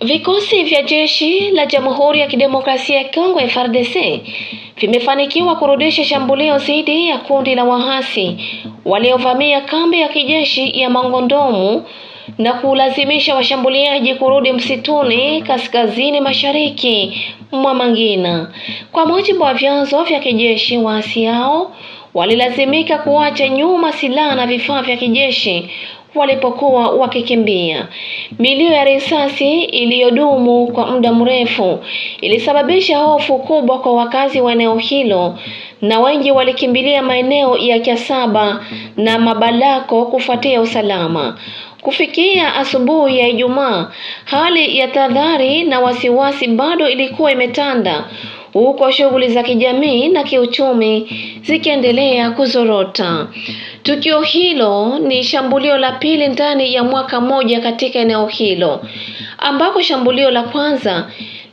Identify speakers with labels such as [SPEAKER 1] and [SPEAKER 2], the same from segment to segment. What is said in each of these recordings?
[SPEAKER 1] Vikosi vya jeshi la Jamhuri ya Kidemokrasia ya Kongo frdc vimefanikiwa kurudisha shambulio dhidi ya kundi la wahasi waliovamia kambi ya kijeshi ya Mangondomu na kulazimisha washambuliaji kurudi msituni kaskazini mashariki mwa Mangina. Kwa mujibu wa vyanzo vya kijeshi, waasi hao walilazimika kuacha nyuma silaha na vifaa vya kijeshi walipokuwa wakikimbia. Milio ya risasi iliyodumu kwa muda mrefu ilisababisha hofu kubwa kwa wakazi wa eneo hilo, na wengi walikimbilia maeneo ya Kiasaba na Mabalako kufuatia usalama. Kufikia asubuhi ya Ijumaa, hali ya tahadhari na wasiwasi bado ilikuwa imetanda huko shughuli za kijamii na kiuchumi zikiendelea kuzorota. Tukio hilo ni shambulio la pili ndani ya mwaka mmoja katika eneo hilo ambako shambulio la kwanza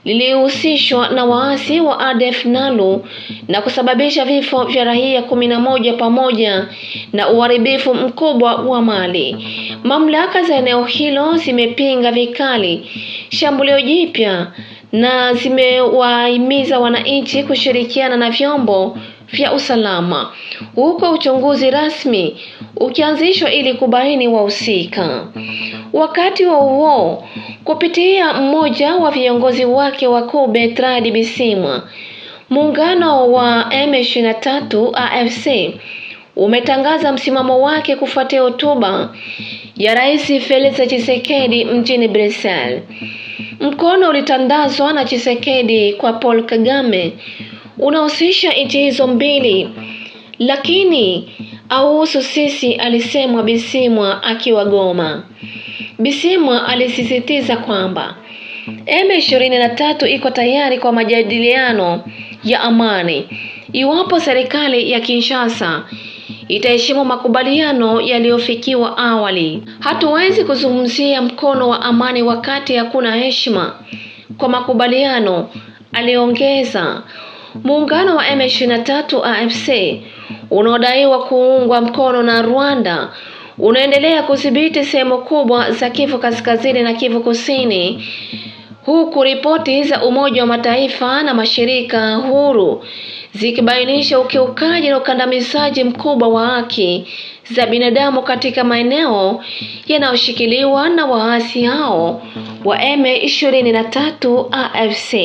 [SPEAKER 1] lilihusishwa na waasi wa ADF nalo na kusababisha vifo vya raia kumi na moja pamoja na uharibifu mkubwa wa mali. Mamlaka za eneo hilo zimepinga vikali shambulio jipya na zimewahimiza wananchi kushirikiana na vyombo vya usalama huko, uchunguzi rasmi ukianzishwa ili kubaini wahusika. Wakati wa huo kupitia mmoja wa viongozi wake wakuu Bertrand Bisimwa. Muungano wa M23 AFC umetangaza msimamo wake kufuatia hotuba ya Rais Felix Tshisekedi mjini Brussels. Mkono ulitandazwa na Tshisekedi kwa Paul Kagame unahusisha nchi hizo mbili, lakini auhusu sisi, alisemwa Bisimwa akiwa Goma. Bisimwa alisisitiza kwamba M23 iko tayari kwa majadiliano ya amani iwapo serikali ya Kinshasa itaheshimu makubaliano yaliyofikiwa awali. Hatuwezi kuzungumzia mkono wa amani wakati hakuna heshima kwa makubaliano, aliongeza. Muungano wa M23 AFC unaodaiwa kuungwa mkono na Rwanda unaendelea kudhibiti sehemu kubwa za Kivu Kaskazini na Kivu Kusini, huku ripoti za Umoja wa Mataifa na mashirika huru zikibainisha ukiukaji na ukandamizaji mkubwa wa haki za binadamu katika maeneo yanayoshikiliwa na waasi hao wa M23 AFC.